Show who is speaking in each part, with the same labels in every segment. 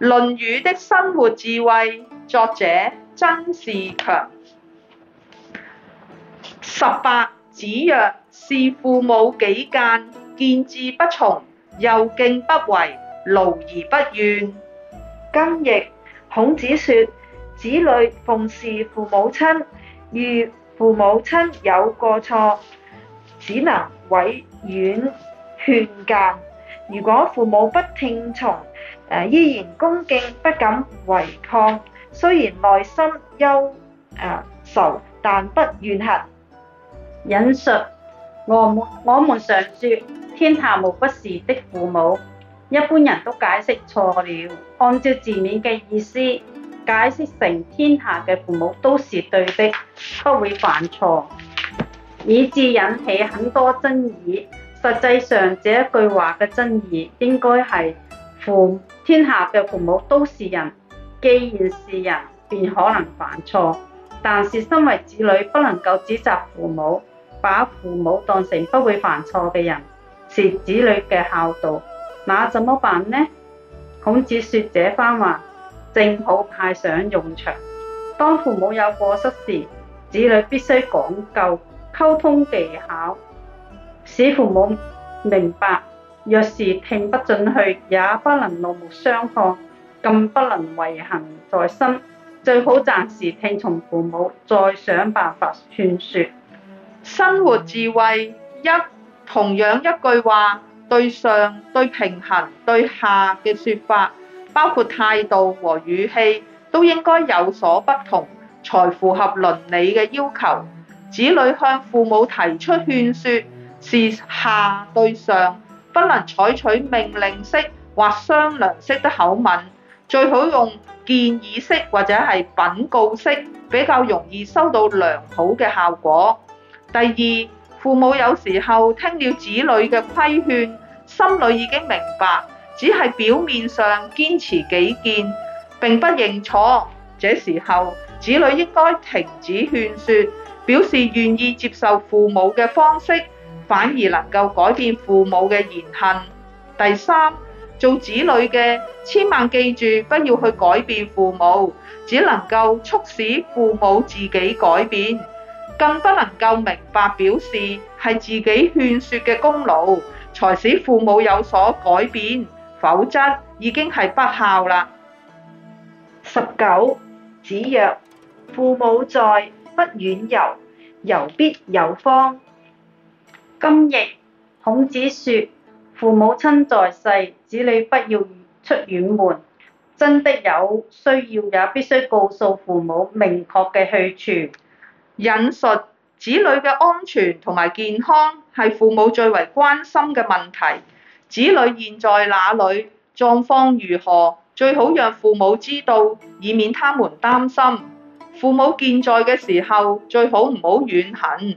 Speaker 1: 《論語》的生活智慧，作者曾仕強。十八子曰：事父母幾諫，見志不從，又敬不違，勞而不怨。今譯孔子說：子女
Speaker 2: 奉事父母親，如父母親有過錯，只能委婉勸諫。如果父母不聽從，誒，依然恭敬不敢違抗，雖然內心
Speaker 3: 憂愁、啊，但不怨恨。引述，我們我們常説，天下無不是的父母，一般人都解釋錯了。按照字面嘅意思，解釋成天下嘅父母都是對的，不會犯錯，以致引起很多爭議，實際上，這一句話嘅爭議應該係父。天下嘅父母都是人，既然是人，便可能犯錯。但是身為子女，不能夠指責父母，把父母當成不會犯錯嘅人，是子女嘅孝道。那怎麼辦呢？孔子說這番話，正好派上用場。當父母有過失時，子女必須講究溝通技巧，使父母明白。若是聽不進去，也不能怒目相看，更不能遺恨在心。最好暫時聽從父母，再想辦法勸說。
Speaker 1: 生活智慧一，同樣一句話，對上、對平衡、對下嘅說法，包括態度和語氣，都應該有所不同，才符合倫理嘅要求。子女向父母提出勸說，是下對上。不能採取命令式或商量式的口吻，最好用建議式或者係稟告式，比較容易收到良好嘅效果。第二，父母有時候聽了子女嘅規勸，心裏已經明白，只係表面上堅持己見，並不認錯。這時候，子女應該停止勸説，表示願意接受父母嘅方式。反而能夠改變父母嘅言行。第三，做子女嘅，千萬記住不要去改變父母，只能夠促使父母自己改變，更不能夠明白表示係自己勸説嘅功勞，才使父母有所改變，否則已經係不孝啦。十九，子曰：
Speaker 3: 父母在，不遠遊，遊必有方。今日孔子說：父母親在世，子女不要
Speaker 1: 出遠門。真的有需要也必須告訴父母明確嘅去處。引述子女嘅安全同埋健康係父母最為關心嘅問題。子女現在哪裡，狀況如何，最好讓父母知道，以免他們擔心。父母健在嘅時候，最好唔好遠行。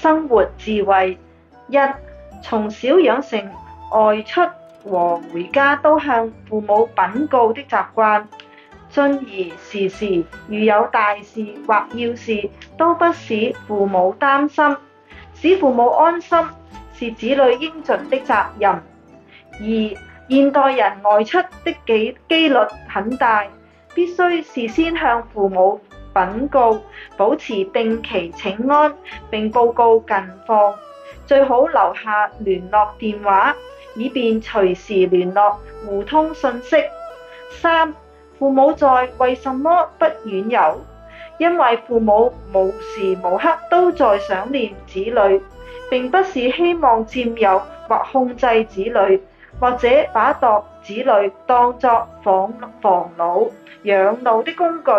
Speaker 1: 生活智慧一，從
Speaker 2: 小養成外出和回家都向父母稟告的習慣，進而時時遇有大事或要事，都不使父母擔心，使父母安心是子女應盡的責任。二，現代人外出的幾幾率很大，必須事先向父母。稟告，保持定期請安，並報告近況，最好留下聯絡電話，以便隨時聯絡，互通信息。三、父母在，為什麼不遠游？因為父母無時無刻都在想念子女，並不是希望占有或控制子女，或者把。子女當作防老、養老的工具，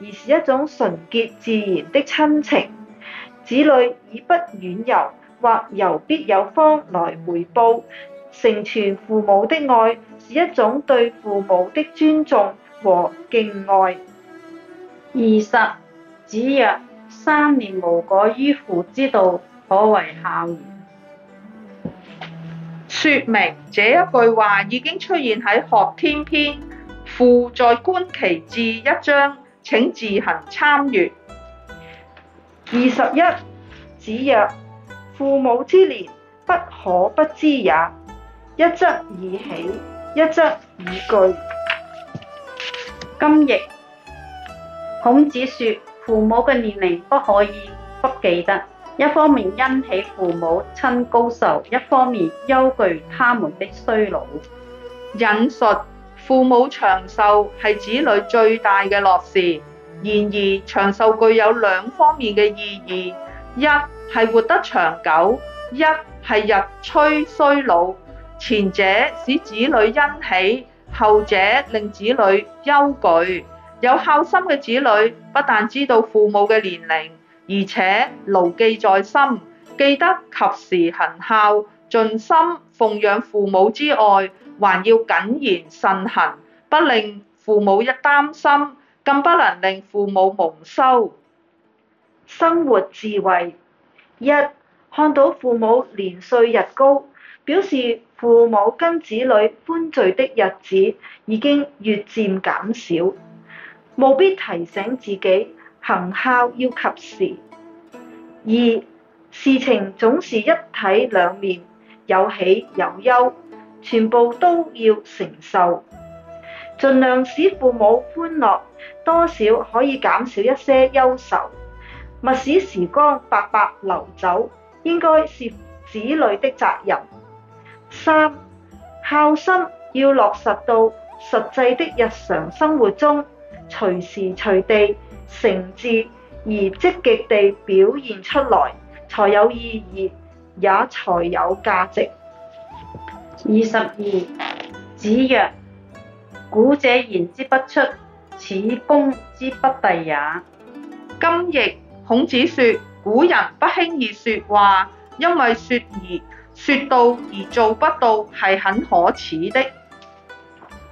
Speaker 2: 而是一種純潔自然的親情。子女以不遠遊或遊必有方來回報，成全父母的愛，是一種對父母的尊
Speaker 3: 重和敬愛。二十子曰：
Speaker 1: 三年無改於父之道，可謂孝矣。說明這一句話已經出現喺《學天篇》父在觀其志一章，請自行參閱。
Speaker 2: 二十一，子曰：父母之年，不可不
Speaker 3: 知也。一則以喜，一則以懼。今譯，孔子說父母嘅年齡不可以不記得，一方面欣喜父母親高壽，一方面
Speaker 1: 憂懼他們的衰老。引述父母長壽係子女最大嘅樂事。然而長壽具有兩方面嘅意義：一係活得長久，一係日趨衰老。前者使子女欣喜，後者令子女憂懼。有孝心嘅子女不但知道父母嘅年齡。而且牢記在心，記得及時行孝、盡心奉養父母之外，還要謹言慎行，不令父母一擔心，更不能令父母蒙羞。
Speaker 2: 生活智慧一，看到父母年歲日高，表示父母跟子女歡聚的日子已經越漸減少，務必提醒自己。行孝要及時。二、事情總是一體兩面，有喜有憂，全部都要承受。盡量使父母歡樂，多少可以減少一些憂愁，勿使時光白白流走，應該是子女的責任。三、孝心要落實到實際的日常生活中。隨時隨地誠摯而積極地表現出來才有意義，也才有價值。
Speaker 3: 二十二，子曰：古者言
Speaker 1: 之不出，恥躬之不逮也。今譯孔子說，古人不輕易說話，因為說而說到而做不到係很可恥的。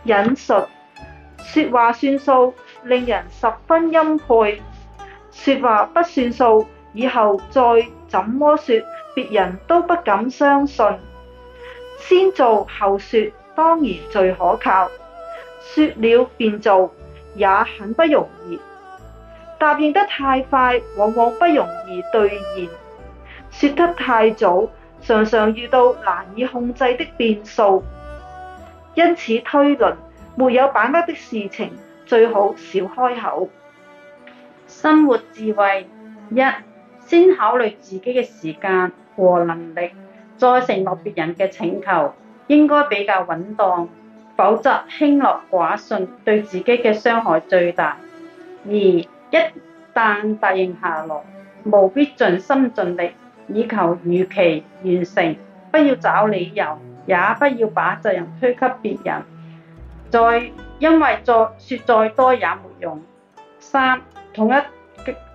Speaker 1: 引述。說話算數，令人十分欽佩。說話不算
Speaker 2: 數，以後再怎麼說，別人都不敢相信。先做後說，當然最可靠。說了便做，也很不容易。答應得太快，往往不容易兌現。說得太早，常常遇到難以控制的變數。因此推論。沒有把握的事
Speaker 3: 情，最好少開口。生活智慧一，先考慮自己嘅時間和能力，再承諾別人嘅請求，應該比較穩當，否則輕諾寡信，對自己嘅傷害最大。二，一旦答應下來，務必盡心盡力，以求如期完成。不要找理由，也不要把責任推給別人。再，因為再說再多也沒用。三，同一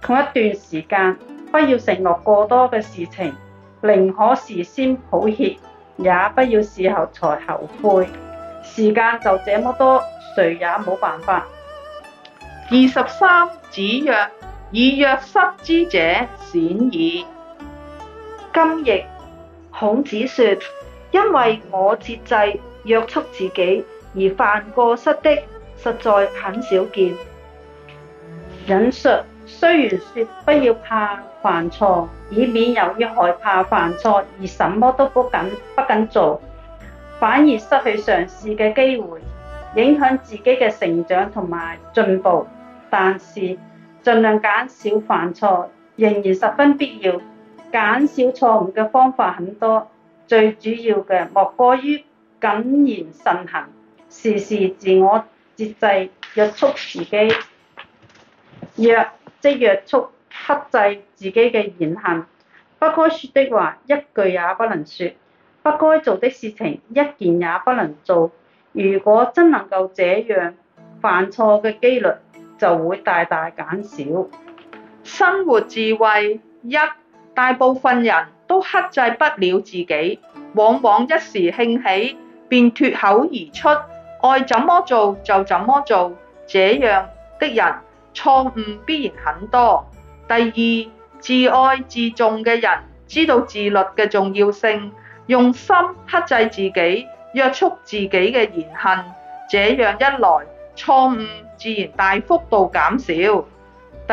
Speaker 3: 同一段時間，不要承諾過多嘅事情，寧可事先抱歉，也不要事後才後悔。時間就這麼多，誰也冇
Speaker 1: 辦法。二十三，子曰：以約失之者，鮮矣。今譯，孔子說，
Speaker 2: 因為我節制約束自己。而犯過失的實
Speaker 3: 在很少見。引述，雖然說不要怕犯錯，以免由於害怕犯錯而什麼都不敢不敢做，反而失去嘗試嘅機會，影響自己嘅成長同埋進步。但是盡量減少犯錯仍然十分必要。減少錯誤嘅方法很多，最主要嘅莫過於謹言慎行。時時自我節制約束自己，約即約束克制自己嘅言行，不該說的話一句也不能說，不該做的事情一件也不能做。如果真能夠這樣，
Speaker 1: 犯錯嘅幾率就會大大減少。生活智慧一，大部分人都克制不了自己，往往一時興起便脫口而出。愛怎麼做就怎麼做，這樣的人錯誤必然很多。第二，自愛自重嘅人知道自律嘅重要性，用心克制自己，約束自己嘅言行。這樣一來錯誤自然大幅度減少。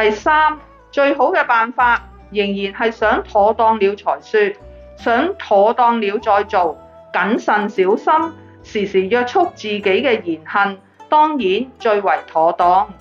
Speaker 1: 第三，最好嘅辦法仍然係想妥當了才說，想妥當了再做，謹慎小心。時時約束自己嘅言行，當然最為妥當。